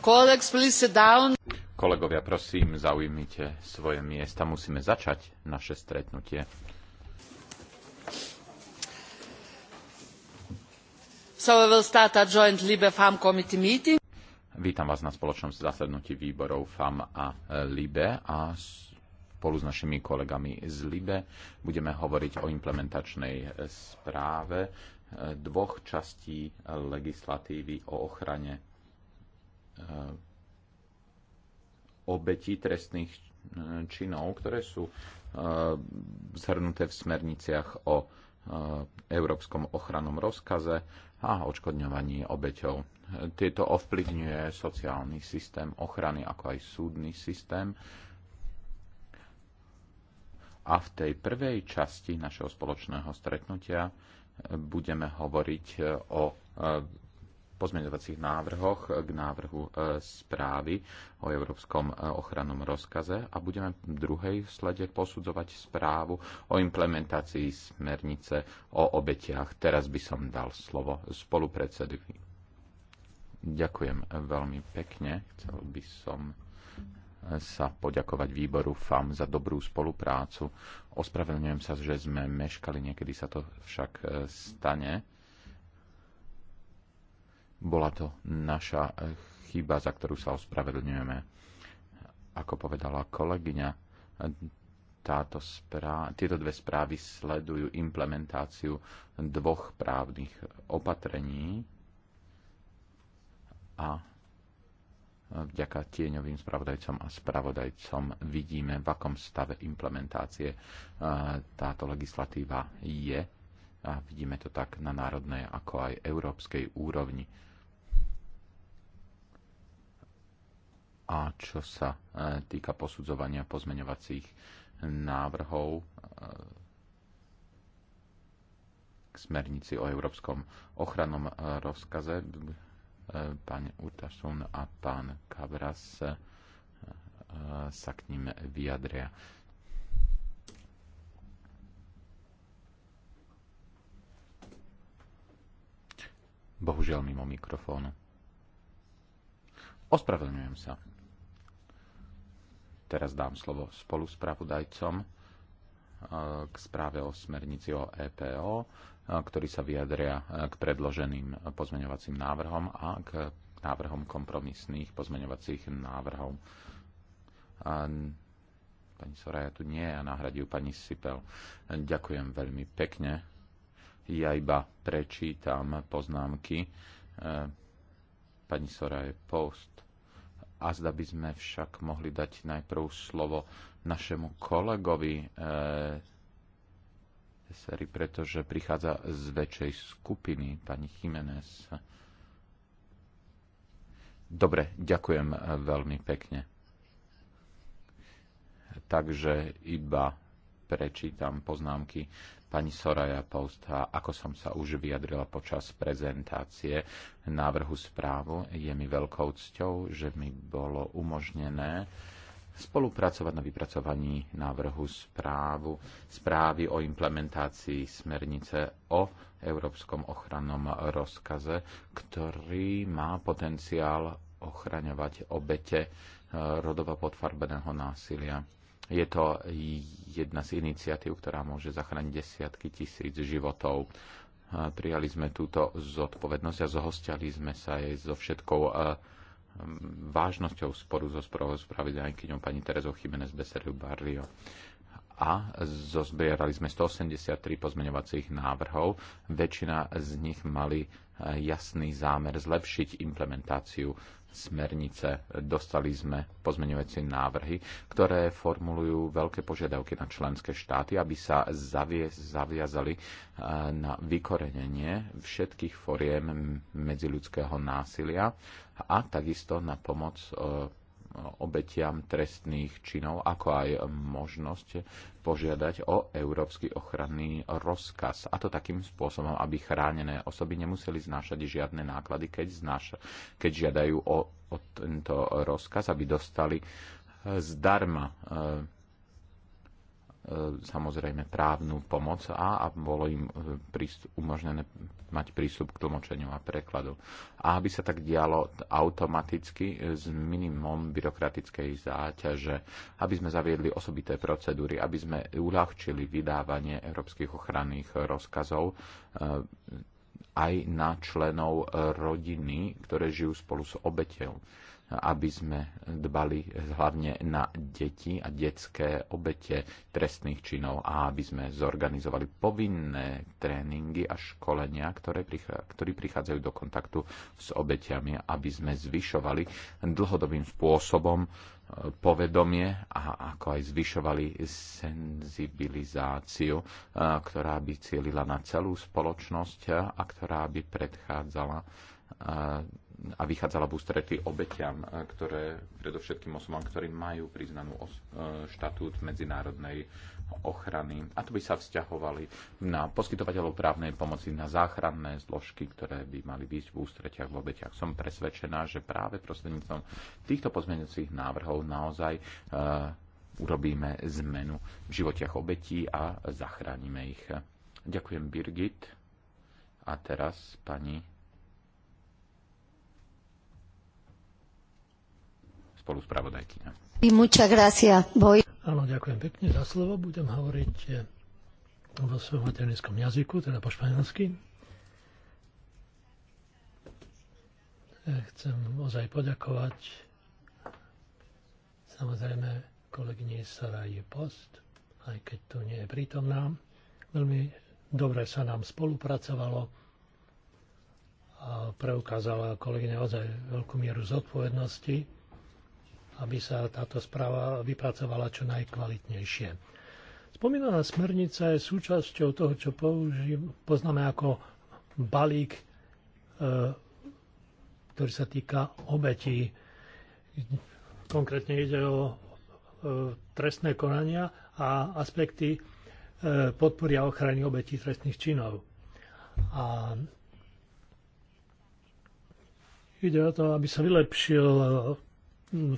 Kolegovia, prosím, zaujmite svoje miesta. Musíme začať naše stretnutie. So Vítam vás na spoločnom zasadnutí výborov FAM a e, LIBE a spolu s našimi kolegami z LIBE budeme hovoriť o implementačnej e, správe e, dvoch častí legislatívy o ochrane Eh, obetí trestných eh, činov, ktoré sú eh, zhrnuté v smerniciach o Európskom ochrannom rozkaze a odškodňovaní obeťov. Tieto ovplyvňuje sociálny systém ochrany, ako aj súdny systém. A v tej prvej časti našeho spoločného stretnutia budeme hovoriť o pozmeňovacích návrhoch k návrhu e, správy o Európskom e, ochrannom rozkaze a budeme v druhej slede posudzovať správu o implementácii smernice o obetiach. Teraz by som dal slovo spolupredsedovi. Ďakujem veľmi pekne. Chcel by som e, sa poďakovať výboru FAM za dobrú spoluprácu. Ospravedlňujem sa, že sme meškali, niekedy sa to však stane bola to naša eh, chyba, za ktorú sa ospravedlňujeme. Ako povedala kolegyňa, táto správ, tieto dve správy sledujú implementáciu dvoch právnych opatrení a vďaka tieňovým spravodajcom a spravodajcom vidíme, v akom stave implementácie eh, táto legislatíva je. A vidíme to tak na národnej, ako aj európskej úrovni. A čo sa e, týka posudzovania pozmeňovacích návrhov e, k smernici o Európskom ochrannom e, rozkaze, pán Urtasun a pán Kavras sa k ním vyjadria. Bohužiaľ mimo mikrofónu. Ospravedlňujem sa. Teraz dám slovo spolu s pravodajcom e, k správe o smernici o EPO, e, ktorí sa vyjadria e, k predloženým pozmeňovacím návrhom a k návrhom kompromisných pozmeňovacích návrhov. Pani Soraya tu nie je a nahradí pani Sipel. Ďakujem veľmi pekne. Ja iba prečítam poznámky pani Soraje Post a zda by sme však mohli dať najprv slovo našemu kolegovi e, Seri, pretože prichádza z väčšej skupiny, pani Jiménez. Dobre, ďakujem eh, veľmi pekne. Takže iba prečítam poznámky pani Soraya Pousta. Ako som sa už vyjadrila počas prezentácie návrhu správu, je mi veľkou cťou, že mi bolo umožnené spolupracovať na vypracovaní návrhu správu, správy o implementácii smernice o Európskom ochrannom rozkaze, ktorý má potenciál ochraňovať obete eh, rodovo podfarbeného násilia. Je to jedna z iniciatív, ktorá môže zachrániť desiatky tisíc životov. Prijali sme túto zodpovednosť a zohostiali sme sa aj so všetkou vážnosťou sporu so spravodajkyňou pani Terezou Chimenez Beseril Barrio a zozbierali sme 183 pozmeňovacích návrhov. Väčšina z nich mali jasný zámer zlepšiť implementáciu smernice. Dostali sme pozmeňujúce návrhy, ktoré formulujú veľké požiadavky na členské štáty, aby sa zaviazali eh, na vykorenenie všetkých foriem medziľudského násilia a takisto na pomoc eh, obetiam trestných činov, ako aj možnosť požiadať o európsky ochranný rozkaz. A to takým spôsobom, aby chránené osoby nemuseli znášať žiadne náklady, keď, znáša, keď žiadajú o, o tento rozkaz, aby dostali eh, zdarma eh, E, samozrejme právnu pomoc a, a bolo im e, prístup, umožnené mať prístup k tlmočeniu a prekladu. A aby sa tak dialo automaticky e, s minimum byrokratickej záťaže, aby sme zaviedli osobité procedúry, aby sme uľahčili vydávanie európskych ochranných rozkazov aj na členov rodiny, ktoré žijú spolu s obeťou aby sme dbali hlavne na deti a detské obete trestných činov a aby sme zorganizovali povinné tréningy a školenia, ktoré ktorí prichádzajú do kontaktu s obetiami, aby sme zvyšovali dlhodobým spôsobom e, povedomie a ako aj zvyšovali senzibilizáciu, e, ktorá by cielila na celú spoločnosť a ktorá by predchádzala e, a vychádzala v ústrety obetiam, e, ktoré predovšetkým osobám, ktorí majú priznanú e, štatút medzinárodnej ochrany. A to by sa vzťahovali na poskytovateľov právnej pomoci, na záchranné zložky, ktoré by mali byť v ústretiach, v obeťach. Som presvedčená, že práve prostredníctvom týchto pozmeňujúcich návrhov naozaj e, urobíme zmenu v životiach obetí a zachránime ich. Ďakujem Birgit. A teraz pani spoluspravodajkyňa. Áno, ďakujem pekne za slovo. Budem hovoriť eh, vo svojom materinskom jazyku, teda po španielsky. Eh, chcem ozaj poďakovať samozrejme kolegyni Saraj Post, aj keď tu nie je prítomná. Veľmi dobre sa nám spolupracovalo a preukázala kolegyňa ozaj veľkú mieru zodpovednosti aby sa táto správa vypracovala čo najkvalitnejšie. Spomínaná smernica je súčasťou toho, čo poznáme ako balík, e, ktorý sa týka obetí. Konkrétne ide o e, trestné konania a aspekty e, podpory a ochrany obetí trestných činov. A ide o to, aby sa vylepšil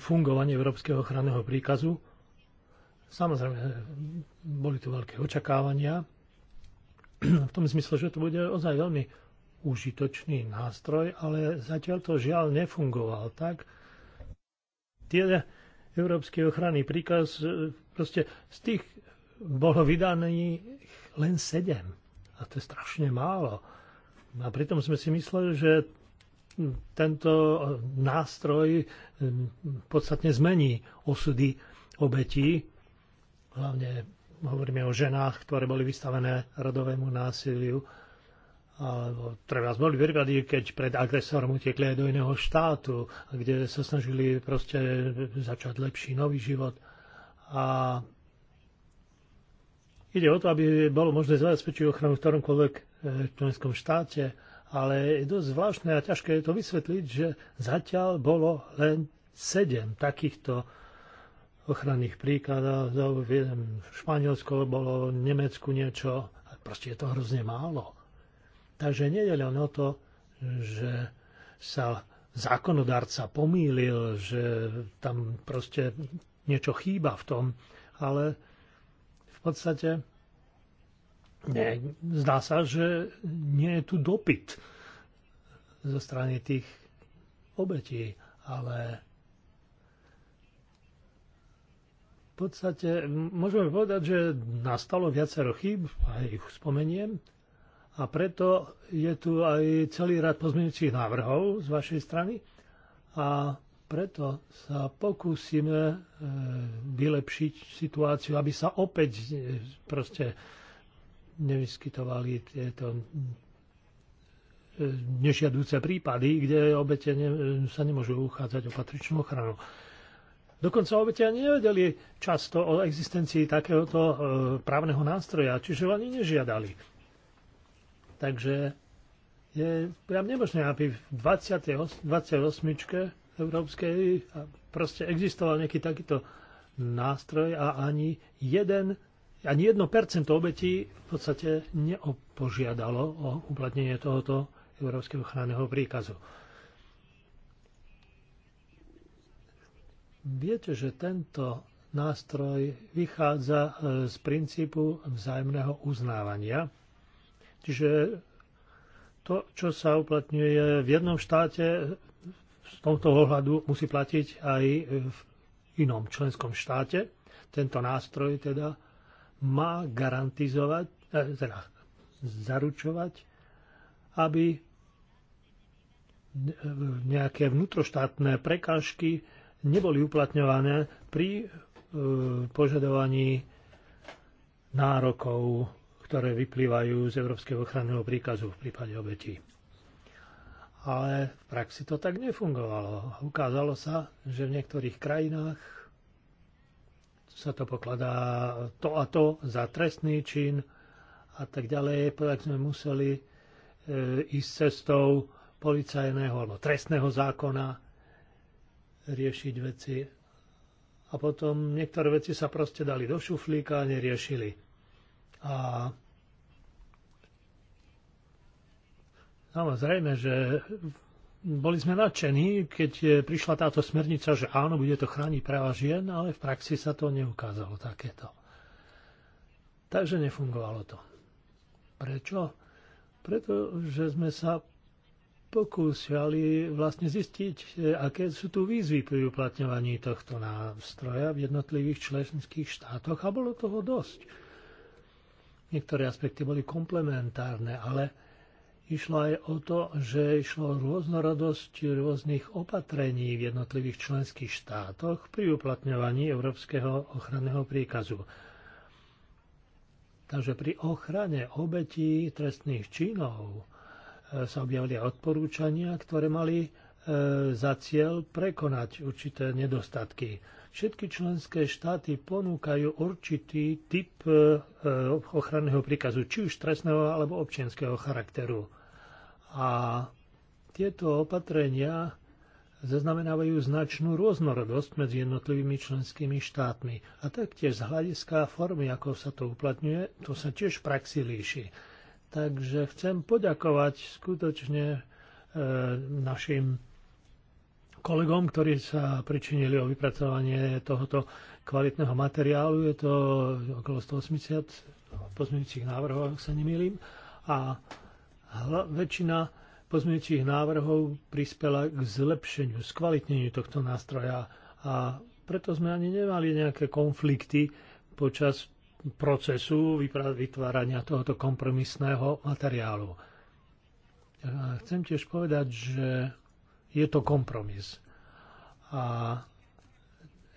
fungovanie Európskeho ochranného príkazu. Samozrejme, boli tu veľké očakávania, v tom zmysle, že to bude ozaj veľmi užitočný nástroj, ale zatiaľ to žiaľ nefungoval tak. Tie európsky ochranný príkaz, e, proste z tých bolo vydaných len sedem. A to je strašne málo. A pritom sme si mysleli, že tento nástroj e, podstatne zmení osudy obetí. Hlavne hovoríme o ženách, ktoré boli vystavené rodovému násiliu. Alebo treba boli prípady, keď pred agresorom utekli aj do iného štátu, kde sa snažili proste začať lepší nový život. A ide o to, aby bolo možné zabezpečiť ochranu v ktoromkoľvek e, členskom štáte ale je dosť zvláštne a ťažké je to vysvetliť, že zatiaľ bolo len 7 takýchto ochranných príkladov. V Španielsku bolo, v Nemecku niečo. Proste je to hrozne málo. Takže nie je len o to, že sa zákonodárca pomýlil, že tam proste niečo chýba v tom, ale v podstate nie, zdá sa, že nie je tu dopyt zo strany tých obetí, ale v podstate môžeme povedať, že nastalo viacero chýb, aj ich spomeniem, a preto je tu aj celý rad pozmeňujúcich návrhov z vašej strany a preto sa pokúsime e, vylepšiť situáciu, aby sa opäť e, proste nevyskytovali tieto mm, e, nežiadúce prípady, kde obete ne, sa nemôžu uchádzať o patričnú ochranu. Dokonca obete ani nevedeli často o existencii takéhoto e, právneho nástroja, čiže ho ani nežiadali. Takže je priam nemožné, aby v 20, 28. európskej proste existoval nejaký takýto nástroj a ani jeden ani 1% obetí v podstate neopožiadalo o uplatnenie tohoto Európskeho ochranného príkazu. Viete, že tento nástroj vychádza e, z princípu vzájomného uznávania. Čiže to, čo sa uplatňuje v jednom štáte, z tomto ohľadu musí platiť aj v inom členskom štáte. Tento nástroj teda má garantizovať, eh, teda zaručovať, aby nejaké vnútroštátne prekážky neboli uplatňované pri eh, požadovaní nárokov, ktoré vyplývajú z Európskeho ochranného príkazu v prípade obetí. Ale v praxi to tak nefungovalo. Ukázalo sa, že v niektorých krajinách sa to pokladá to a to za trestný čin a tak ďalej, sme museli e, ísť cestou policajného alebo trestného zákona riešiť veci. A potom niektoré veci sa proste dali do šuflíka a neriešili. A samozrejme, že boli sme nadšení, keď e, prišla táto smernica, že áno, bude to chrániť práva žien, ale v praxi sa to neukázalo takéto. Takže nefungovalo to. Prečo? Pretože sme sa pokúsiali vlastne zistiť, e, aké sú tu výzvy pri uplatňovaní tohto nástroja v jednotlivých členských štátoch a bolo toho dosť. Niektoré aspekty boli komplementárne, ale Išlo aj o to, že išlo o rôznorodosť rôznych opatrení v jednotlivých členských štátoch pri uplatňovaní Európskeho ochranného príkazu. Takže pri ochrane obetí trestných činov e, sa objavili odporúčania, ktoré mali e, za cieľ prekonať určité nedostatky. Všetky členské štáty ponúkajú určitý typ e, ochranného príkazu, či už trestného alebo občianského charakteru. A tieto opatrenia zaznamenávajú značnú rôznorodosť medzi jednotlivými členskými štátmi a taktiež z hľadiska formy, ako sa to uplatňuje, to sa tiež v praxi líši. Takže chcem poďakovať skutočne e, našim kolegom, ktorí sa pričinili o vypracovanie tohoto kvalitného materiálu. Je to okolo 180 pozmeňujúcich návrhov, ak sa nemýlim. A hla, väčšina pozmeňujúcich návrhov prispela k zlepšeniu, skvalitneniu tohto nástroja a preto sme ani nemali nejaké konflikty počas procesu vytvárania tohoto kompromisného materiálu. A chcem tiež povedať, že je to kompromis. A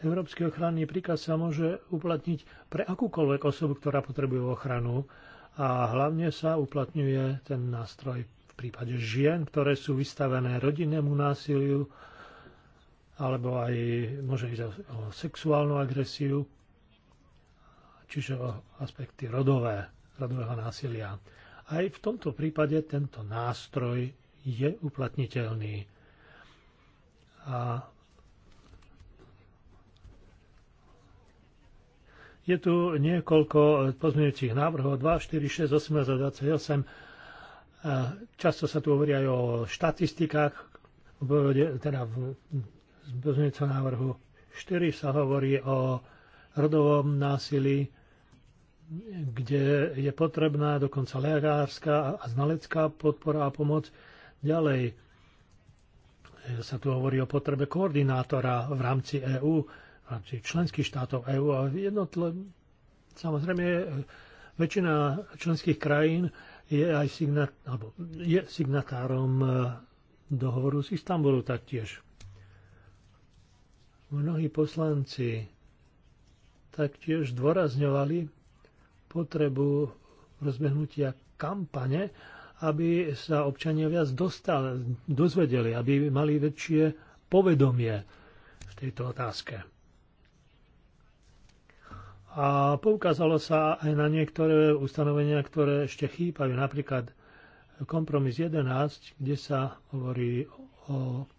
Európsky ochranný príkaz sa môže uplatniť pre akúkoľvek osobu, ktorá potrebuje ochranu a hlavne sa uplatňuje ten nástroj v prípade žien, ktoré sú vystavené rodinnému násiliu alebo aj môže ísť o sexuálnu agresiu, čiže o aspekty rodové, rodového násilia. Aj v tomto prípade tento nástroj je uplatniteľný. A Je tu niekoľko eh, pozmeňujúcich návrhov, 2, 4, 6, 18 a 28. Eh, často sa tu hovorí aj o štatistikách, teda v pozmeňujúcom návrhu 4 sa hovorí o rodovom násilí, kde je potrebná dokonca lekárska a znalecká podpora a pomoc. Ďalej eh, sa tu hovorí o potrebe koordinátora v rámci EÚ v rámci členských štátov EÚ a jednotle, samozrejme, väčšina členských krajín je aj signat, alebo je signatárom e, dohovoru z Istanbulu taktiež. Mnohí poslanci taktiež dôrazňovali potrebu rozbehnutia kampane, aby sa občania viac dostali, dozvedeli, aby mali väčšie povedomie v tejto otázke. A poukázalo sa aj na niektoré ustanovenia, ktoré ešte chýbajú. Napríklad kompromis 11, kde sa hovorí o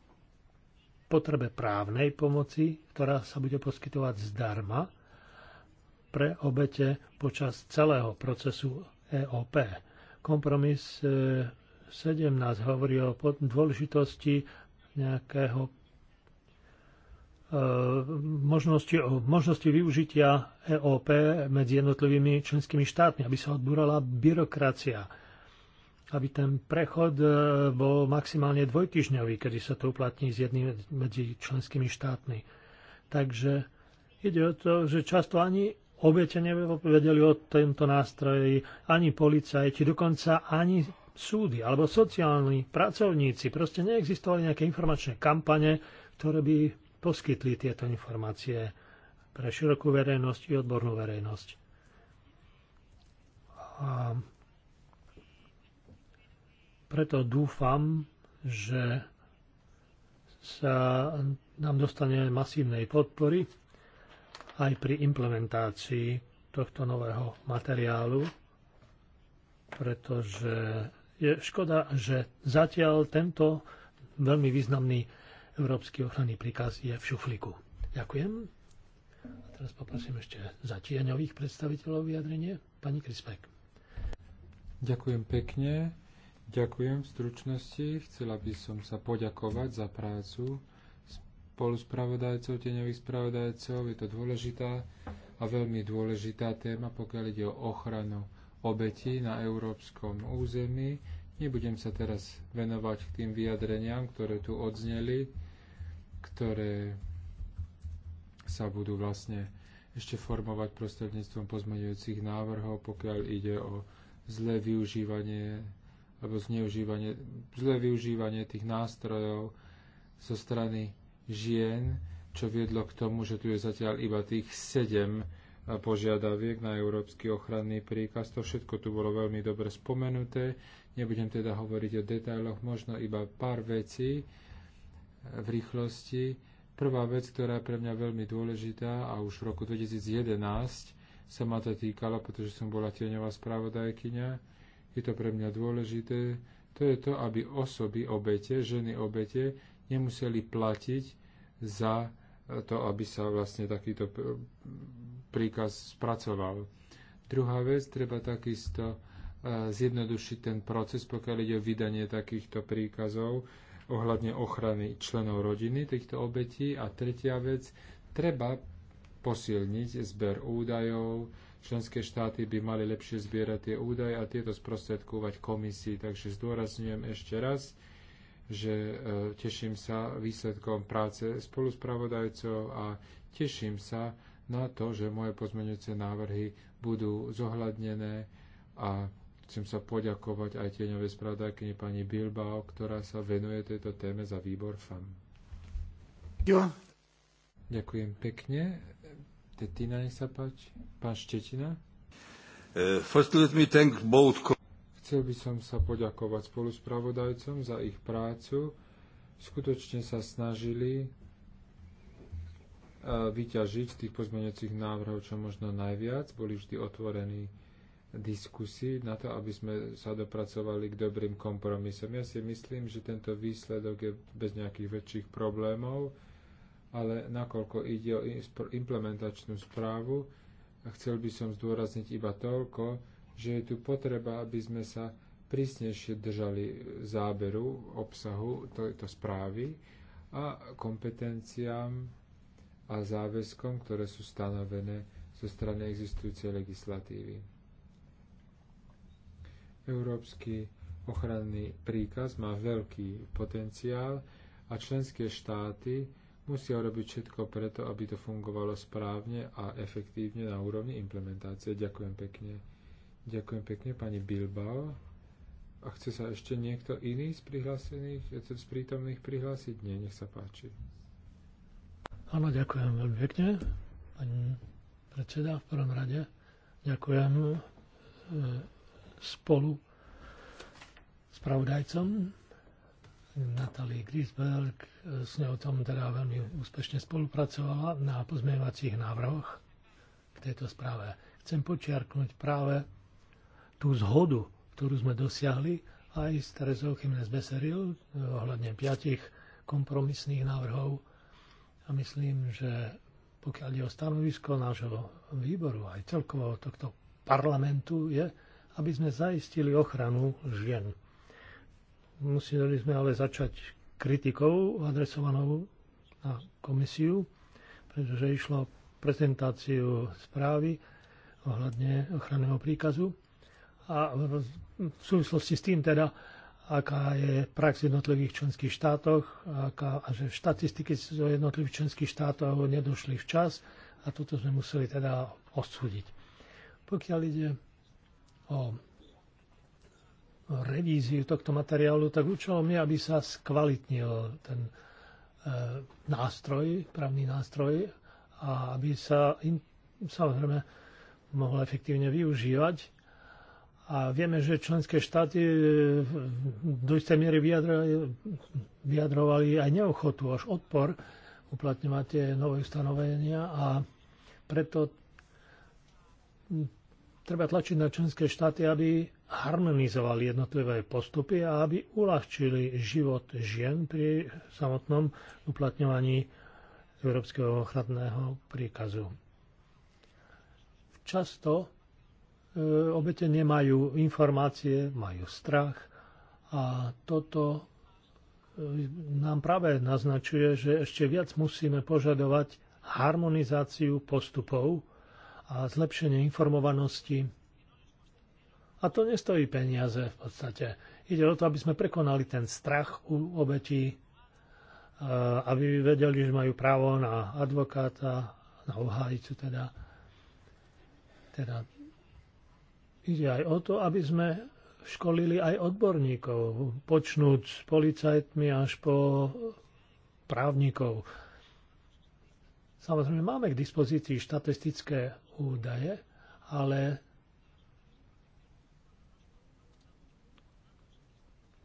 potrebe právnej pomoci, ktorá sa bude poskytovať zdarma pre obete počas celého procesu EOP. Kompromis 17 e, hovorí o dôležitosti nejakého možnosti, možnosti využitia EOP medzi jednotlivými členskými štátmi, aby sa odbúrala byrokracia, aby ten prechod e, bol maximálne dvojtyžňový, kedy sa to uplatní z jedným medzi členskými štátmi. Takže ide o to, že často ani obete nevedeli o tomto nástroji, ani policajti, dokonca ani súdy alebo sociálni pracovníci. Proste neexistovali nejaké informačné kampane, ktoré by poskytli tieto informácie pre širokú verejnosť i odbornú verejnosť. A preto dúfam, že sa nám dostane masívnej podpory aj pri implementácii tohto nového materiálu, pretože je škoda, že zatiaľ tento veľmi významný Európsky ochranný príkaz je v šuflíku. Ďakujem. A teraz poprosím ešte za tieňových predstaviteľov vyjadrenie. Pani Krispek. Ďakujem pekne. Ďakujem v stručnosti. Chcela by som sa poďakovať za prácu spoluspravodajcov, tieňových spravodajcov. Je to dôležitá a veľmi dôležitá téma, pokiaľ ide o ochranu obetí na európskom území. Nebudem sa teraz venovať k tým vyjadreniam, ktoré tu odzneli ktoré sa budú vlastne ešte formovať prostredníctvom pozmeňujúcich návrhov, pokiaľ ide o zlé využívanie alebo zneužívanie, zlé využívanie tých nástrojov zo strany žien, čo viedlo k tomu, že tu je zatiaľ iba tých sedem požiadaviek na európsky ochranný príkaz. To všetko tu bolo veľmi dobre spomenuté. Nebudem teda hovoriť o detailoch, možno iba pár vecí, v rýchlosti. Prvá vec, ktorá je pre mňa veľmi dôležitá a už v roku 2011 sa ma to týkalo, pretože som bola tieňová spravodajkyňa, je to pre mňa dôležité, to je to, aby osoby, obete, ženy obete nemuseli platiť za to, aby sa vlastne takýto príkaz spracoval. Druhá vec, treba takisto eh, zjednodušiť ten proces, pokiaľ ide o vydanie takýchto príkazov, ohľadne ochrany členov rodiny týchto obetí. A tretia vec, treba posilniť zber údajov. Členské štáty by mali lepšie zbierať tie údaje a tieto sprostredkovať komisii. Takže zdôrazňujem ešte raz, že e, teším sa výsledkom práce spoluspravodajcov a teším sa na to, že moje pozmeňujúce návrhy budú zohľadnené a chcem sa poďakovať aj tieňovej spravodajkyni pani Bilbao, ktorá sa venuje tejto téme za výbor FAM. Jo. Ďakujem pekne. Tetina, nech sa páči. Pán Štetina. Uh, first let me thank both... Chcel by som sa poďakovať spoluspravodajcom za ich prácu. Skutočne sa snažili e, vyťažiť z tých pozmeňujúcich návrhov čo možno najviac. Boli vždy otvorení diskusí na to, aby sme sa dopracovali k dobrým kompromisom. Ja si myslím, že tento výsledok je bez nejakých väčších problémov, ale nakoľko ide o implementačnú správu, chcel by som zdôrazniť iba toľko, že je tu potreba, aby sme sa prísnejšie držali záberu, obsahu tejto správy a kompetenciám a záväzkom, ktoré sú stanovené zo strany existujúcej legislatívy. Európsky ochranný príkaz má veľký potenciál a členské štáty musia urobiť všetko preto, aby to fungovalo správne a efektívne na úrovni implementácie. Ďakujem pekne. Ďakujem pekne pani Bilbao. A chce sa ešte niekto iný z prihlásených, z prítomných prihlásiť? Nie, nech sa páči. Áno, ďakujem veľmi pekne, pani predseda, v prvom rade. Ďakujem e, spolu pravodajcom Natalie Grisberg. Eh, s ňou tom teda veľmi úspešne spolupracovala na pozmeňovacích návrhoch k tejto správe. Chcem počiarknúť práve tú zhodu, ktorú sme dosiahli aj s Terezou Chimnes Beseril eh, ohľadne piatich kompromisných návrhov. A myslím, že pokiaľ je o stanovisko nášho výboru aj celkovo tohto parlamentu, je, aby sme zaistili ochranu žien. Museli sme ale začať kritikou adresovanou na komisiu, pretože išlo prezentáciu správy ohľadne ochranného príkazu a v súvislosti s tým teda, aká je prax v jednotlivých členských štátoch, aká, a že štatistiky z jednotlivých členských štátov nedošli včas a toto sme museli teda odsúdiť. Pokiaľ ide o revíziu tohto materiálu, tak účelom je, aby sa skvalitnil ten e, nástroj, právny nástroj a aby sa in, samozrejme mohol efektívne využívať. A vieme, že členské štáty e, do istej miery vyjadrovali aj neochotu, až odpor uplatňovať tie nové ustanovenia a preto Treba tlačiť na členské štáty, aby harmonizovali jednotlivé postupy a aby uľahčili život žien pri samotnom uplatňovaní Európskeho ochranného príkazu. Často e, obete nemajú informácie, majú strach a toto e, nám práve naznačuje, že ešte viac musíme požadovať harmonizáciu postupov a zlepšenie informovanosti. A to nestojí peniaze v podstate. Ide o to, aby sme prekonali ten strach u obetí, e, aby vedeli, že majú právo na advokáta, na obhájicu teda. Teda ide aj o to, aby sme školili aj odborníkov, počnúť s policajtmi až po právnikov, Samozrejme, máme k dispozícii štatistické údaje, ale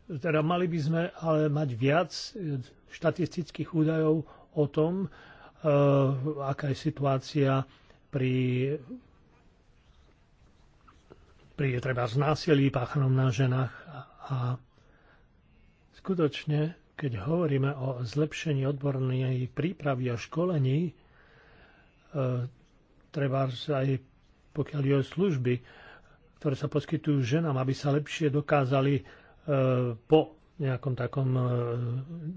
teda mali by sme ale mať viac eh, štatistických údajov o tom, e, aká je situácia pri pri treba znásilí páchanom na ženách a, a skutočne, keď hovoríme o zlepšení odbornej prípravy a školení, E, treba aj pokiaľ je služby, ktoré sa poskytujú ženám, aby sa lepšie dokázali e, po nejakom takom e,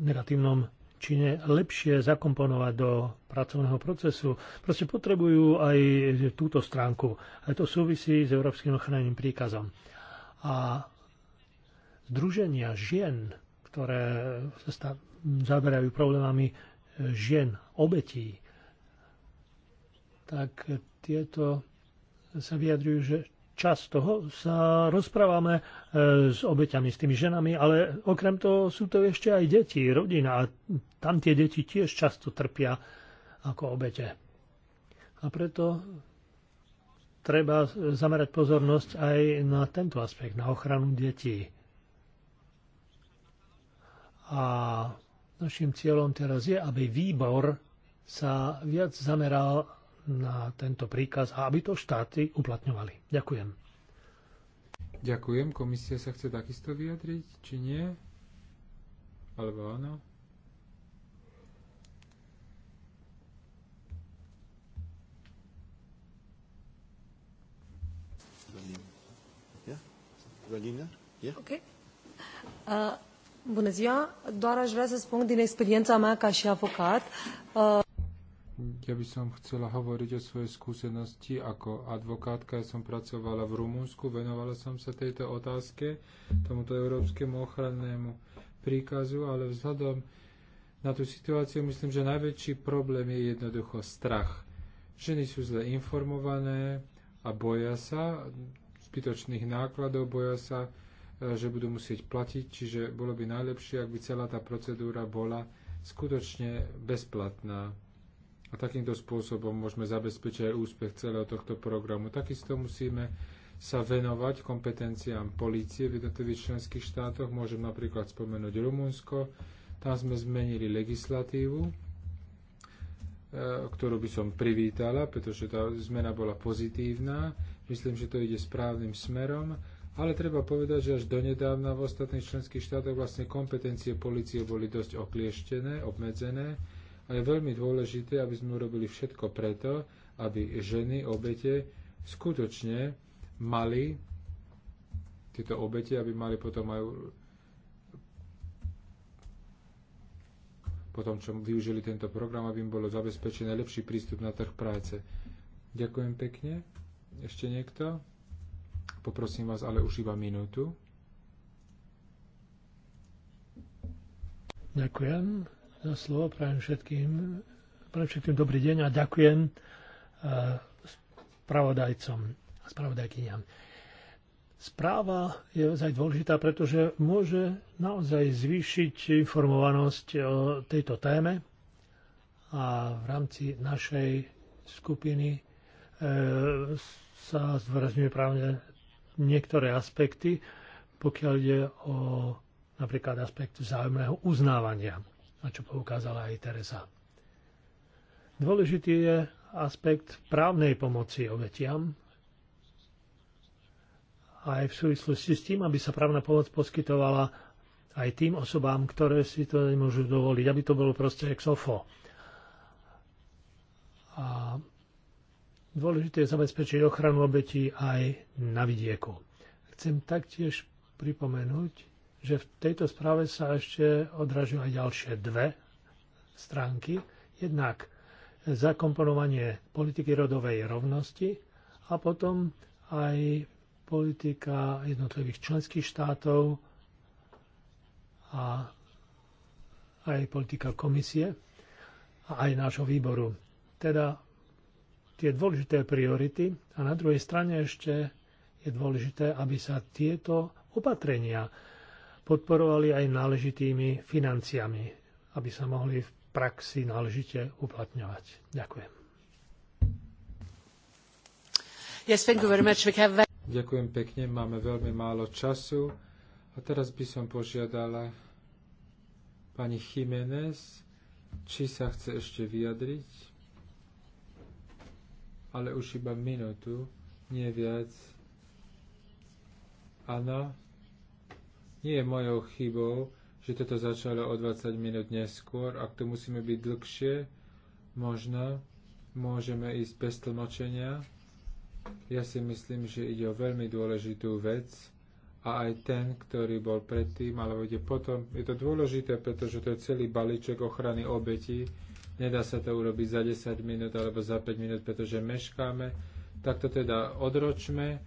negatívnom čine lepšie zakomponovať do pracovného procesu. Proste potrebujú aj túto stránku. A to súvisí s Európskym ochranným príkazom. A združenia žien, ktoré sa zaberajú problémami žien, obetí, tak tieto sa vyjadrujú, že čas toho sa rozprávame e, s obeťami, s tými ženami, ale okrem toho sú to ešte aj deti, rodina a tam tie deti tiež často trpia ako obete. A preto treba zamerať pozornosť aj na tento aspekt, na ochranu detí. A našim cieľom teraz je, aby výbor sa viac zameral na tento príkaz a aby to štáty uplatňovali. Ďakujem. Ďakujem. Komisia sa chce takisto vyjadriť, či nie? Alebo áno? Uh, bună ziua! Doar aș vrea să spun din experiența mea ca și avocat. Uh, ja by som chcela hovoriť o svojej skúsenosti ako advokátka. Ja som pracovala v Rumúnsku, venovala som sa tejto otázke, tomuto európskemu ochrannému príkazu, ale vzhľadom na tú situáciu myslím, že najväčší problém je jednoducho strach. Ženy sú zle informované a boja sa zbytočných nákladov, boja sa, e, že budú musieť platiť, čiže bolo by najlepšie, ak by celá tá procedúra bola skutočne bezplatná. A takýmto spôsobom môžeme zabezpečiť aj úspech celého tohto programu. Takisto musíme sa venovať kompetenciám polície v jednotlivých členských štátoch. Môžem napríklad spomenúť Rumunsko. Tam sme zmenili legislatívu, e, ktorú by som privítala, pretože tá zmena bola pozitívna. Myslím, že to ide správnym smerom. Ale treba povedať, že až donedávna v ostatných členských štátoch vlastne kompetencie policie boli dosť oklieštené, obmedzené a je veľmi dôležité, aby sme urobili všetko preto, aby ženy, obete skutočne mali tieto obete, aby mali potom aj potom, čo využili tento program, aby im bolo zabezpečený lepší prístup na trh práce. Ďakujem pekne. Ešte niekto? Poprosím vás ale už iba minútu. Ďakujem za slovo. Prajem všetkým, prajem všetkým dobrý deň a ďakujem e, spravodajcom a spravodajkyniam. Správa je ozaj dôležitá, pretože môže naozaj zvýšiť informovanosť o tejto téme a v rámci našej skupiny e, sa zvrazňuje právne niektoré aspekty, pokiaľ ide o napríklad aspekt vzájomného uznávania na čo poukázala aj Teresa. Dôležitý je aspekt právnej pomoci obetiam aj v súvislosti s tým, aby sa právna pomoc poskytovala aj tým osobám, ktoré si to nemôžu dovoliť, aby to bolo proste ex ofo. A dôležité je zabezpečiť ochranu obetí aj na vidieku. Chcem taktiež pripomenúť, že v tejto správe sa ešte odražujú aj ďalšie dve stránky. Jednak zakomponovanie politiky rodovej rovnosti a potom aj politika jednotlivých členských štátov a aj politika komisie a aj nášho výboru. Teda tie dôležité priority a na druhej strane ešte je dôležité, aby sa tieto opatrenia podporovali aj náležitými financiami, aby sa mohli v praxi náležite uplatňovať. Ďakujem. Yes, thank you very much. We have... Ďakujem pekne, máme veľmi málo času. A teraz by som požiadala pani Jiménez, či sa chce ešte vyjadriť, ale už iba minútu, nie viac. Áno, nie je mojou chybou, že toto začalo o 20 minút neskôr. Ak to musíme byť dlhšie, možno môžeme ísť bez tlmočenia. Ja si myslím, že ide o veľmi dôležitú vec a aj ten, ktorý bol predtým, alebo ide potom. Je to dôležité, pretože to je celý balíček ochrany obetí. Nedá sa to urobiť za 10 minút alebo za 5 minút, pretože meškáme. Tak to teda odročme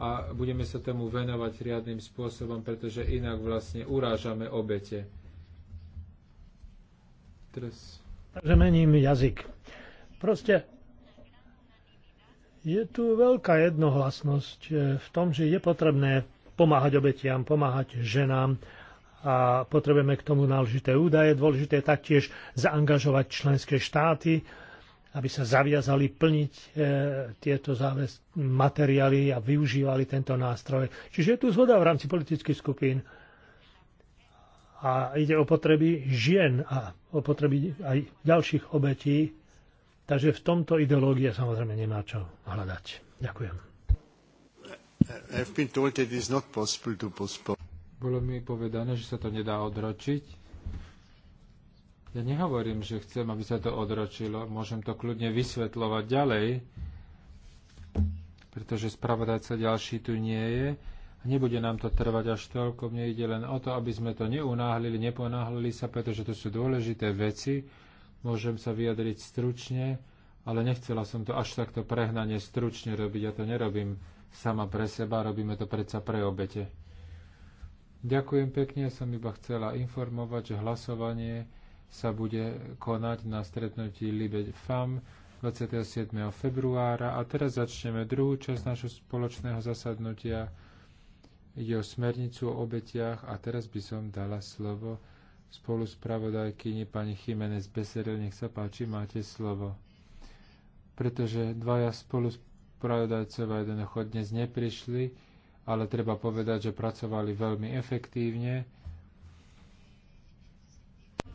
a budeme sa tomu venovať riadnym spôsobom, pretože inak vlastne urážame obete. Teraz. Takže mením jazyk. Proste je tu veľká jednohlasnosť e, v tom, že je potrebné pomáhať obetiam, pomáhať ženám a potrebujeme k tomu náležité údaje. Dôležité je taktiež zaangažovať členské štáty, aby sa zaviazali plniť e, tieto záväz- materiály a využívali tento nástroj. Čiže je tu zhoda v rámci politických skupín. A ide o potreby žien a o potreby aj ďalších obetí. Takže v tomto ideológia samozrejme nemá čo hľadať. Ďakujem. Bolo mi povedané, že sa to nedá odročiť. Ja nehovorím, že chcem, aby sa to odročilo. Môžem to kľudne vysvetľovať ďalej, pretože spravodajca ďalší tu nie je. A nebude nám to trvať až toľko. Mne ide len o to, aby sme to neunáhlili, neponáhlili sa, pretože to sú dôležité veci. Môžem sa vyjadriť stručne, ale nechcela som to až takto prehnane stručne robiť. Ja to nerobím sama pre seba, robíme to predsa pre obete. Ďakujem pekne, som iba chcela informovať, že hlasovanie sa bude konať na stretnutí Libeď FAM 27. februára. A teraz začneme druhú časť našho spoločného zasadnutia. Ide o smernicu o obetiach a teraz by som dala slovo spolu s pravodajkyni pani Jiménez Beserel. Nech sa páči, máte slovo. Pretože dvaja spolu spravodajcovia jednoducho dnes neprišli, ale treba povedať, že pracovali veľmi efektívne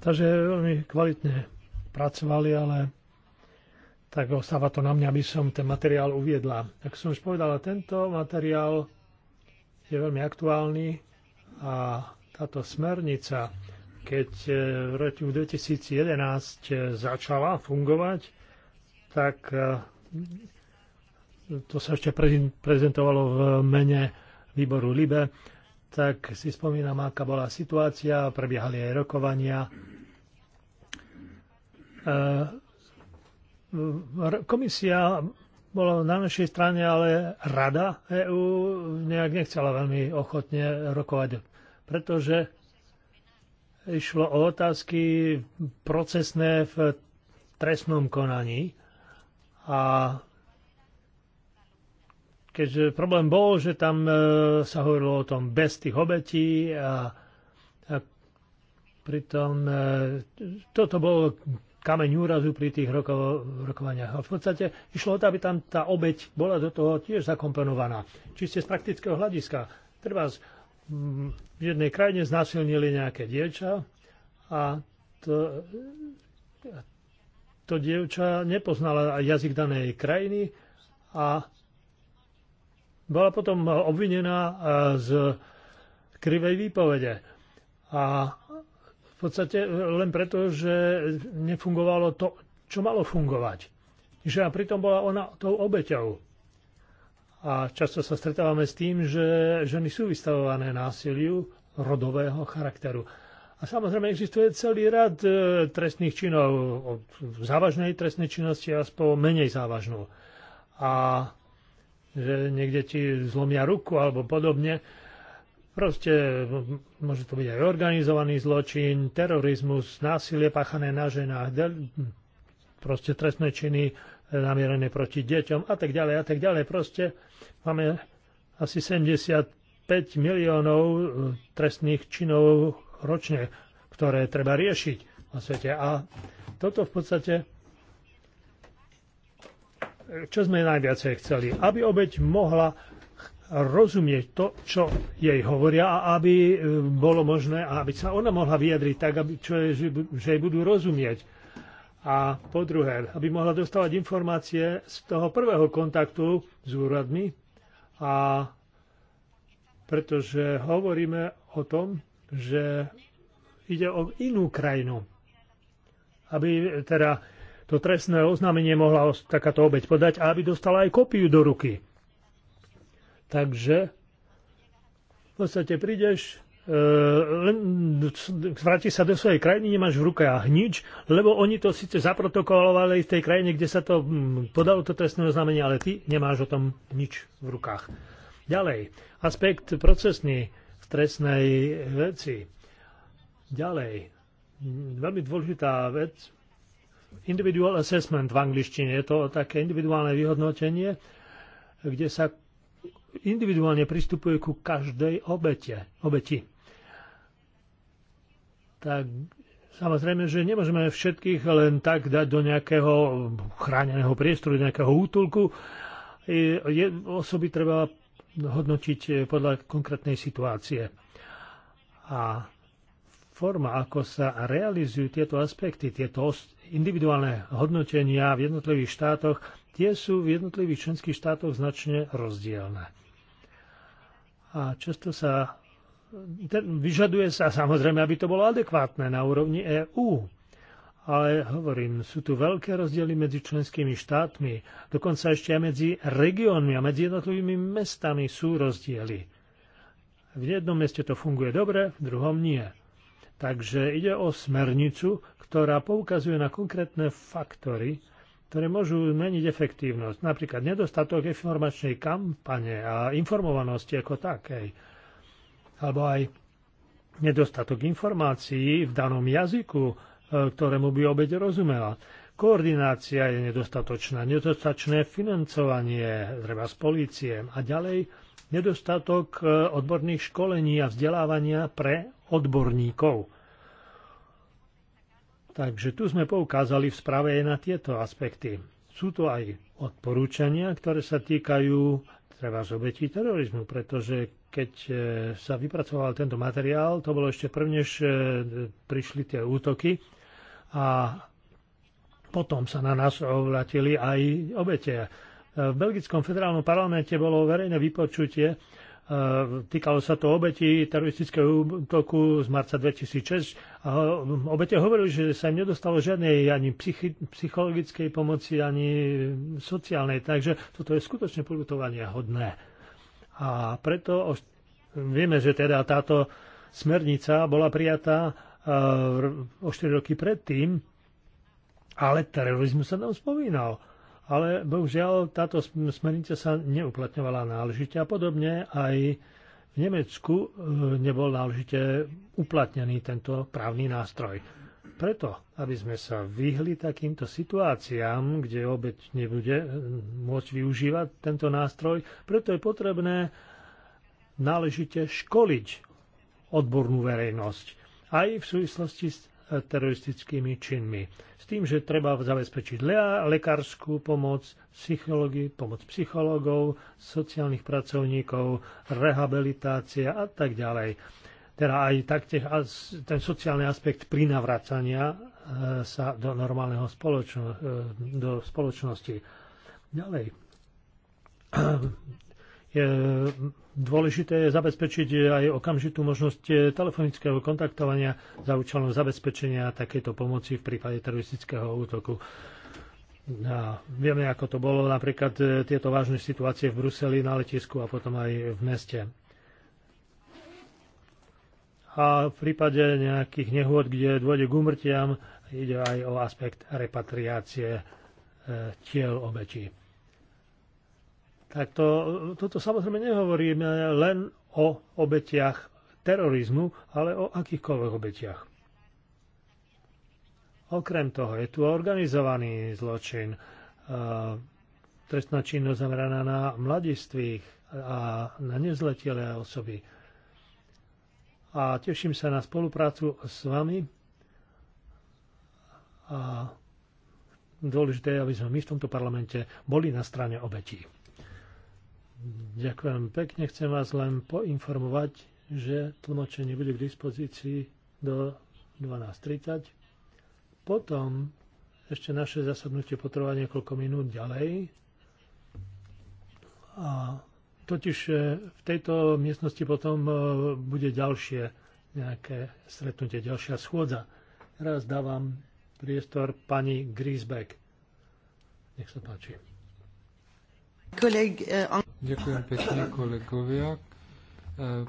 Takže veľmi kvalitne pracovali, ale tak ostáva to na mňa, aby som ten materiál uviedla. Tak som už povedala, tento materiál je veľmi aktuálny a táto smernica, keď e, v roku 2011 e, začala fungovať, tak e, to sa ešte prezentovalo v mene výboru LIBE, tak si spomínam, aká bola situácia, prebiehali aj rokovania E, komisia bola na našej strane, ale Rada EÚ nejak nechcela veľmi ochotne rokovať, pretože išlo o otázky procesné v trestnom konaní a keďže problém bol, že tam e, sa hovorilo o tom bez tých obetí a, a pritom e, toto bolo kameň úrazu pri tých roko, rokovaniach. A v podstate išlo o to, aby tam tá obeď bola do toho tiež zakomponovaná. Čiste z praktického hľadiska. Treba z, m, mm, v jednej krajine znásilnili nejaké dievča a to, to dievča nepoznala jazyk danej krajiny a bola potom obvinená e, z krivej výpovede. A v podstate e, len preto, že nefungovalo to, čo malo fungovať. Že a pritom bola ona tou obeťou. A často sa stretávame s tým, že ženy sú vystavované násiliu rodového charakteru. A samozrejme existuje celý rad e, trestných činov, od závažnej trestnej činnosti až po menej závažnú. A že niekde ti zlomia ruku alebo podobne, Proste môže to byť aj organizovaný zločin, terorizmus, násilie páchané na ženách, del, proste trestné činy e, namierené proti deťom a tak ďalej a tak ďalej. Proste máme asi 75 miliónov e, trestných činov ročne, ktoré treba riešiť na svete. A toto v podstate, e, čo sme najviacej chceli, aby obeď mohla rozumieť to, čo jej hovoria a aby e, bolo možné, aby sa ona mohla vyjadriť tak, aby, čo je, že jej budú rozumieť. A po druhé, aby mohla dostávať informácie z toho prvého kontaktu s úradmi a pretože hovoríme o tom, že ide o inú krajinu. Aby teda to trestné oznámenie mohla takáto obeď podať a aby dostala aj kopiu do ruky Takže v podstate prídeš, e, vráti sa do svojej krajiny, nemáš v rukách nič, lebo oni to síce zaprotokolovali v tej krajine, kde sa to hm, podalo to trestné oznámenie, ale ty nemáš o tom nič v rukách. Ďalej, aspekt procesný v trestnej veci. Ďalej, hm, veľmi dôležitá vec, individual assessment v angličtine, je to také individuálne vyhodnotenie, kde sa individuálne pristupuje ku každej obete, obeti. Tak samozrejme, že nemôžeme všetkých len tak dať do nejakého chráneného priestoru, do nejakého útulku. Je, osoby treba hodnotiť eh, podľa konkrétnej situácie. A forma, ako sa realizujú tieto aspekty, tieto individuálne hodnotenia v jednotlivých štátoch, tie sú v jednotlivých členských štátoch značne rozdielne. A často sa vyžaduje sa samozrejme, aby to bolo adekvátne na úrovni EÚ. Ale hovorím, sú tu veľké rozdiely medzi členskými štátmi, dokonca ešte aj medzi regiónmi a medzi jednotlivými mestami sú rozdiely. V jednom meste to funguje dobre, v druhom nie. Takže ide o smernicu, ktorá poukazuje na konkrétne faktory, ktoré môžu meniť efektívnosť. Napríklad nedostatok informačnej kampane a informovanosti ako takej. Alebo aj nedostatok informácií v danom jazyku, e, ktorému by obeď rozumela. Koordinácia je nedostatočná, nedostatočné financovanie, treba z polície a ďalej nedostatok e, odborných školení a vzdelávania pre odborníkov. Takže tu sme poukázali v správe aj na tieto aspekty. Sú to aj odporúčania, ktoré sa týkajú treba z obetí terorizmu, pretože keď e, sa vypracoval tento materiál, to bolo ešte že e, prišli tie útoky a potom sa na nás obratili aj obete. E, v Belgickom federálnom parlamente bolo verejné vypočutie E, týkalo sa to obeti teroristického útoku z marca 2006 a obete hovorili, že sa im nedostalo žiadnej ani psychi- psychologickej pomoci, ani sociálnej, takže toto je skutočne polutovanie hodné. A preto vieme, že teda táto smernica bola prijatá e, o 4 roky predtým, ale terorizmus sa tam spomínal ale bohužiaľ táto smernica sa neuplatňovala náležite a podobne aj v Nemecku e, nebol náležite uplatnený tento právny nástroj. Preto, aby sme sa vyhli takýmto situáciám, kde obeď nebude e, môcť využívať tento nástroj, preto je potrebné náležite školiť odbornú verejnosť aj v súvislosti s teroristickými činmi. S tým, že treba zabezpečiť lekárskú pomoc, psychologi, pomoc psychológov, sociálnych pracovníkov, rehabilitácia a tak ďalej. Teda aj taktiež ten sociálny aspekt prinavracania e, sa do normálneho spoločno, e, do spoločnosti. Ďalej je dôležité je zabezpečiť aj okamžitú možnosť e, telefonického kontaktovania za účelom zabezpečenia takejto pomoci v prípade teroristického útoku. A vieme, ako to bolo napríklad e, tieto vážne situácie v Bruseli na letisku a potom aj v meste. A v prípade nejakých nehôd, kde dôjde k umrtiam, ide aj o aspekt repatriácie e, tiel obetí tak to, toto samozrejme nehovoríme len o obetiach terorizmu, ale o akýchkoľvek obetiach. Okrem toho je tu organizovaný zločin, trestná činnosť zameraná na mladistvých a na nezletilé osoby. A teším sa na spoluprácu s vami. A dôležité je, aby sme my v tomto parlamente boli na strane obetí. Ďakujem pekne. Chcem vás len poinformovať, že tlmočenie bude k dispozícii do 12.30. Potom ešte naše zasadnutie potrvá niekoľko minút ďalej. A totiž e, v tejto miestnosti potom e, bude ďalšie nejaké stretnutie, ďalšia schôdza. Raz dávam priestor pani Griesbeck. Nech sa páči. Koleg, uh, Ďakujem pekne kolegovia. E,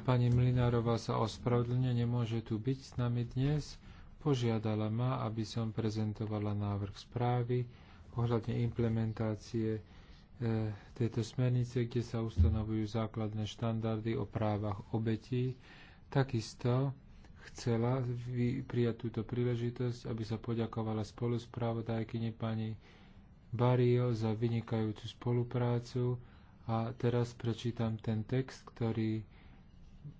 pani Mlinárová sa ospravedlne nemôže tu byť s nami dnes. Požiadala ma, aby som prezentovala návrh správy ohľadne implementácie e, tejto smernice, kde sa ustanovujú základné štandardy o právach obetí. Takisto chcela prijať túto príležitosť, aby sa poďakovala spoluspravodajkyni pani Bario za vynikajúcu spoluprácu a teraz prečítam ten text, ktorý,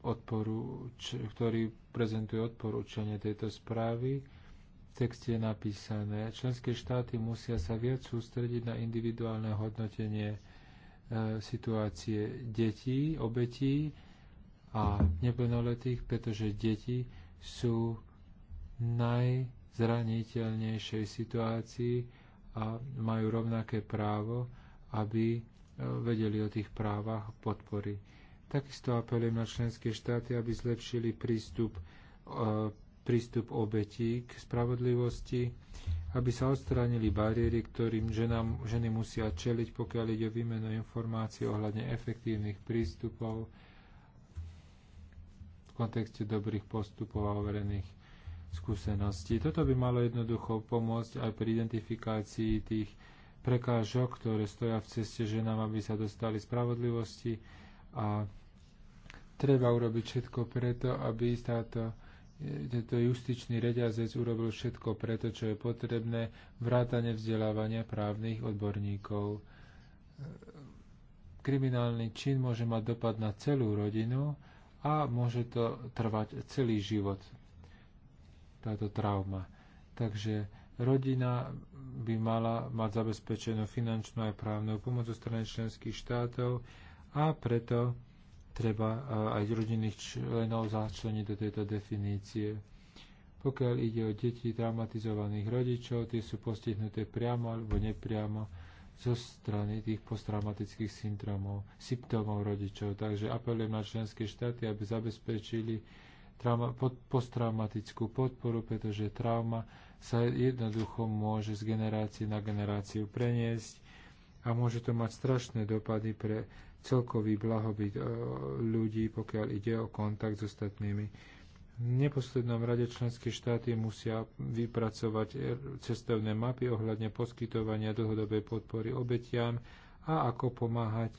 odporúč, ktorý prezentuje odporúčanie tejto správy. V texte je napísané, členské štáty musia sa viac sústrediť na individuálne hodnotenie e, situácie detí, obetí a neplnoletých, pretože deti sú najzraniteľnejšej situácii a majú rovnaké právo, aby vedeli o tých právach podpory. Takisto apelujem na členské štáty, aby zlepšili prístup, e, prístup obetí k spravodlivosti, aby sa odstránili bariéry, ktorým ženám, ženy musia čeliť, pokiaľ ide o výmenu informácií ohľadne efektívnych prístupov v kontexte dobrých postupov a overených skúseností. Toto by malo jednoducho pomôcť aj pri identifikácii tých prekážok, ktoré stoja v ceste ženám, aby sa dostali spravodlivosti a treba urobiť všetko preto, aby táto tento justičný reťazec urobil všetko preto, čo je potrebné, vrátane vzdelávania právnych odborníkov. Kriminálny čin môže mať dopad na celú rodinu a môže to trvať celý život, táto trauma. Takže Rodina by mala mať zabezpečenú finančnú aj právnu pomoc zo strany členských štátov a preto treba e, aj rodinných členov začleniť do tejto definície. Pokiaľ ide o deti traumatizovaných rodičov, tie sú postihnuté priamo alebo nepriamo zo strany tých posttraumatických syndromov, symptómov rodičov. Takže apelujem na členské štáty, aby zabezpečili trauma, pod, posttraumatickú podporu, pretože trauma sa jednoducho môže z generácie na generáciu preniesť a môže to mať strašné dopady pre celkový blahobyt e, ľudí, pokiaľ ide o kontakt s ostatnými. V neposlednom rade členské štáty musia vypracovať e, cestovné mapy ohľadne poskytovania dlhodobej podpory obetiam a ako pomáhať,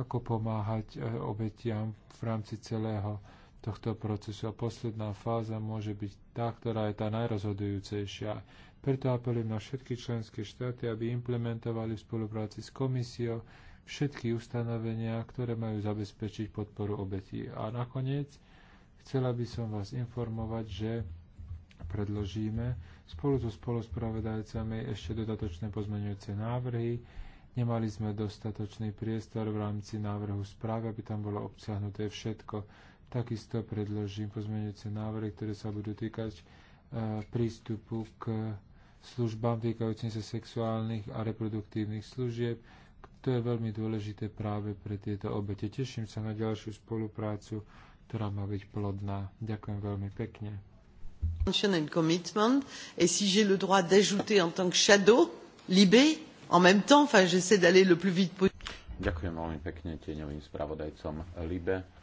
ako pomáhať e, obetiam v rámci celého tohto procesu a posledná fáza môže byť tá, ktorá je tá najrozhodujúcejšia. Preto apelujem na všetky členské štáty, aby implementovali v spolupráci s komisiou všetky ustanovenia, ktoré majú zabezpečiť podporu obetí. A nakoniec chcela by som vás informovať, že predložíme spolu so spoluspravodajcami ešte dodatočné pozmeňujúce návrhy, Nemali sme dostatočný priestor v rámci návrhu správy, aby tam bolo obsiahnuté všetko. Takisto predložím pozmeňujúce návrhy, ktoré sa budú týkať e, prístupu k službám týkajúcim sa sexuálnych a reproduktívnych služieb. To je veľmi dôležité práve pre tieto obete. Teším sa na ďalšiu spoluprácu, ktorá má byť plodná. Ďakujem veľmi pekne. Ďakujem veľmi pekne tieňovým spravodajcom Libe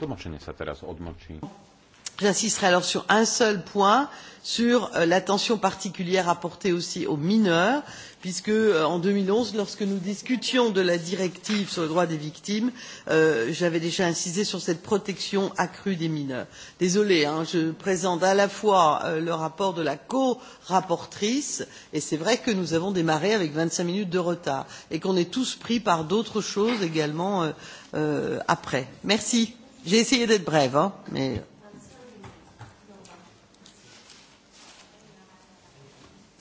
Tlmočenie sa teraz odmlčí. J'insisterai alors sur un seul point, sur euh, l'attention particulière apportée aussi aux mineurs, puisque euh, en deux mille onze, lorsque nous discutions de la directive sur le droit des victimes, euh, j'avais déjà insisté sur cette protection accrue des mineurs. Désolée, hein, je présente à la fois euh, le rapport de la co-rapportrice, et c'est vrai que nous avons démarré avec vingt cinq minutes de retard, et qu'on est tous pris par d'autres choses également euh, euh après. Merci. J'ai essayé d'être brève, hein, mais.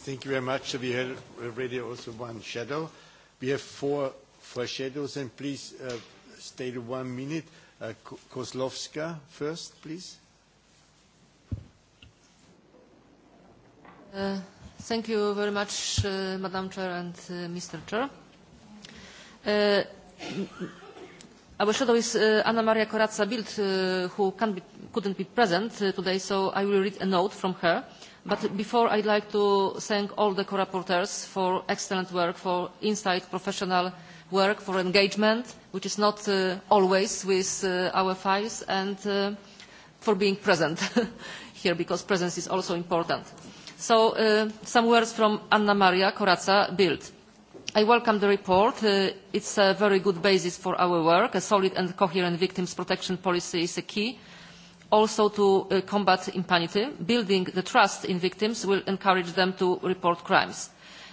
Thank you very much. We have already also one shadow. We have four, four shadows, and please uh, stay to one minute. Uh, Kozlovska first, please. Uh, thank you very much, uh, Madam Chair and uh, Mr. Chair. Uh, Our shadow is uh, Anna Maria Corazza Bild, uh, who can be, couldn't be present uh, today, so I will read a note from her. But before, I'd like to thank all the co-rapporteurs for excellent work, for insight, professional work, for engagement, which is not uh, always with uh, our files, and uh, for being present here, because presence is also important. So, uh, some words from Anna Maria Corazza Bild. I welcome the report. Uh, it's a very good basis for our work. A solid and coherent victims protection policy is a key also to uh, combat impunity. Building the trust in victims will encourage them to report crimes.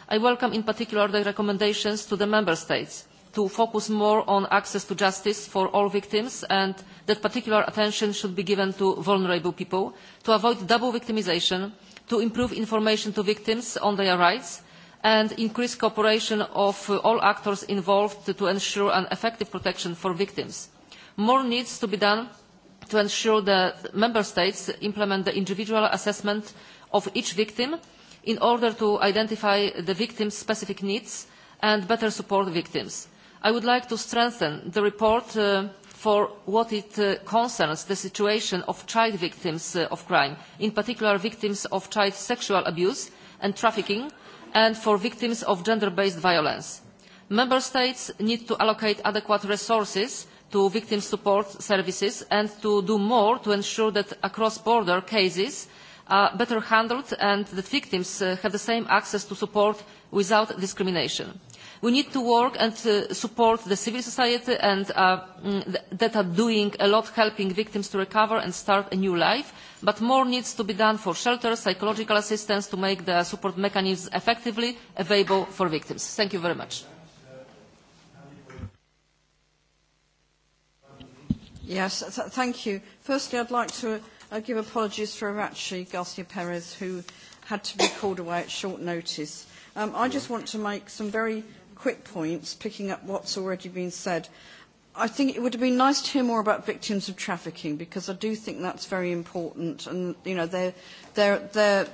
I welcome in particular the recommendations to the Member States to focus more on access to justice for all victims and that particular attention should be given to vulnerable people to avoid double victimisation, to improve information to victims on their rights and increased cooperation of uh, all actors involved to ensure an effective protection for victims. More needs to be done to ensure that member states implement the individual assessment of each victim in order to identify the victim's specific needs and better support victims. I would like to strengthen the report uh, for what it uh, concerns the situation of child victims uh, of crime, in particular victims of child sexual abuse and trafficking, and for victims of gender-based violence. Member States need to allocate adequate resources to victim support services and to do more to ensure that across-border cases are better handled and that victims uh, have the same access to support without discrimination. We need to work and uh, support the civil society and, uh, mm, that are doing a lot helping victims to recover and start a new life, but more needs to be done for shelters, psychological assistance to make the support mechanisms effectively available for victims. Thank you very much. Yes, th thank you. Firstly, I'd like to uh, give apologies for Arachi Garcia Perez, who had to be called away at short notice. Um, I just want to make some very quick points, picking up what's already been said. I think it would have been nice to hear more about victims of trafficking because I do think that's very important. And you know, they're, they're, they're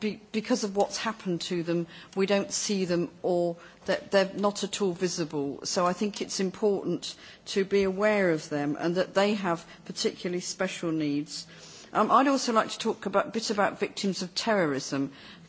be, because of what's happened to them, we don't see them or that they're not at all visible. So I think it's important to be aware of them and that they have particularly special needs. Um, I'd also like to talk a bit about victims of terrorism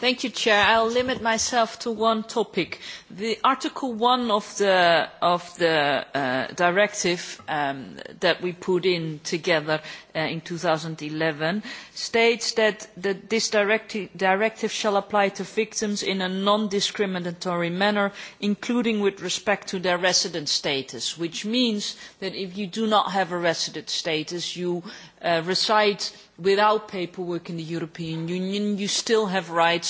Thank you, Chair. I'll limit myself to one topic. The Article 1 of the, of the uh, directive um, that we put in together uh, in 2011 states that, that this directi directive shall apply to victims in a non-discriminatory manner, including with respect to their resident status, which means that if you do not have a resident status, you uh, reside without paperwork in the European Union, you still have rights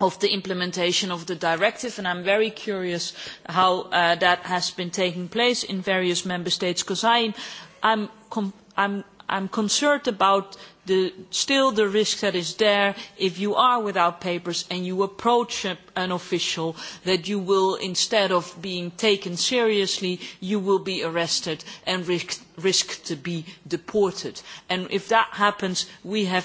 of the implementation of the directive and I am very curious how uh, that has been taking place in various member states because I am I'm, I'm concerned about the, still the risk that is there if you are without papers and you approach a, an official that you will, instead of being taken seriously, you will be arrested and risk, risk to be deported. And if that happens, we have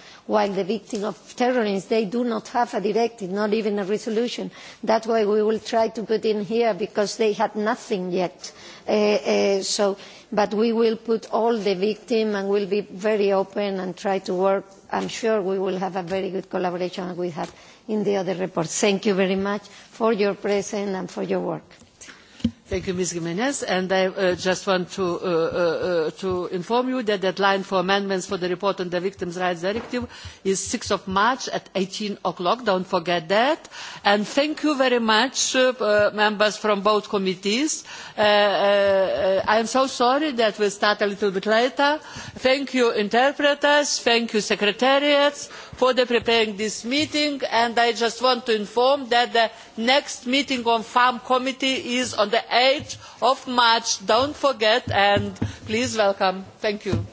while the victims of terrorism do not have a directive not even a resolution that is why we will try to put in here because they have nothing yet uh, uh, but we will put all the victims and will be very open and try to work I am sure we will have a very good collaboration as we have in the other reports. Thank you very much for your presence and for your work. Thank you, Ms. Jimenez. And I uh, just want to, uh, uh, to inform you that the deadline for amendments for the report on the Victims' Rights Directive is 6th of March at 18 o'clock. Don't forget that. And thank you very much, uh, uh members from both committees. Uh, uh, I am so sorry that we start a little bit later. Thank you, interpreters. Thank you, secretariats for the preparing this meeting and i just want to inform that the next meeting on farm committee is on the 8 of March. Don't forget and please welcome. Thank you.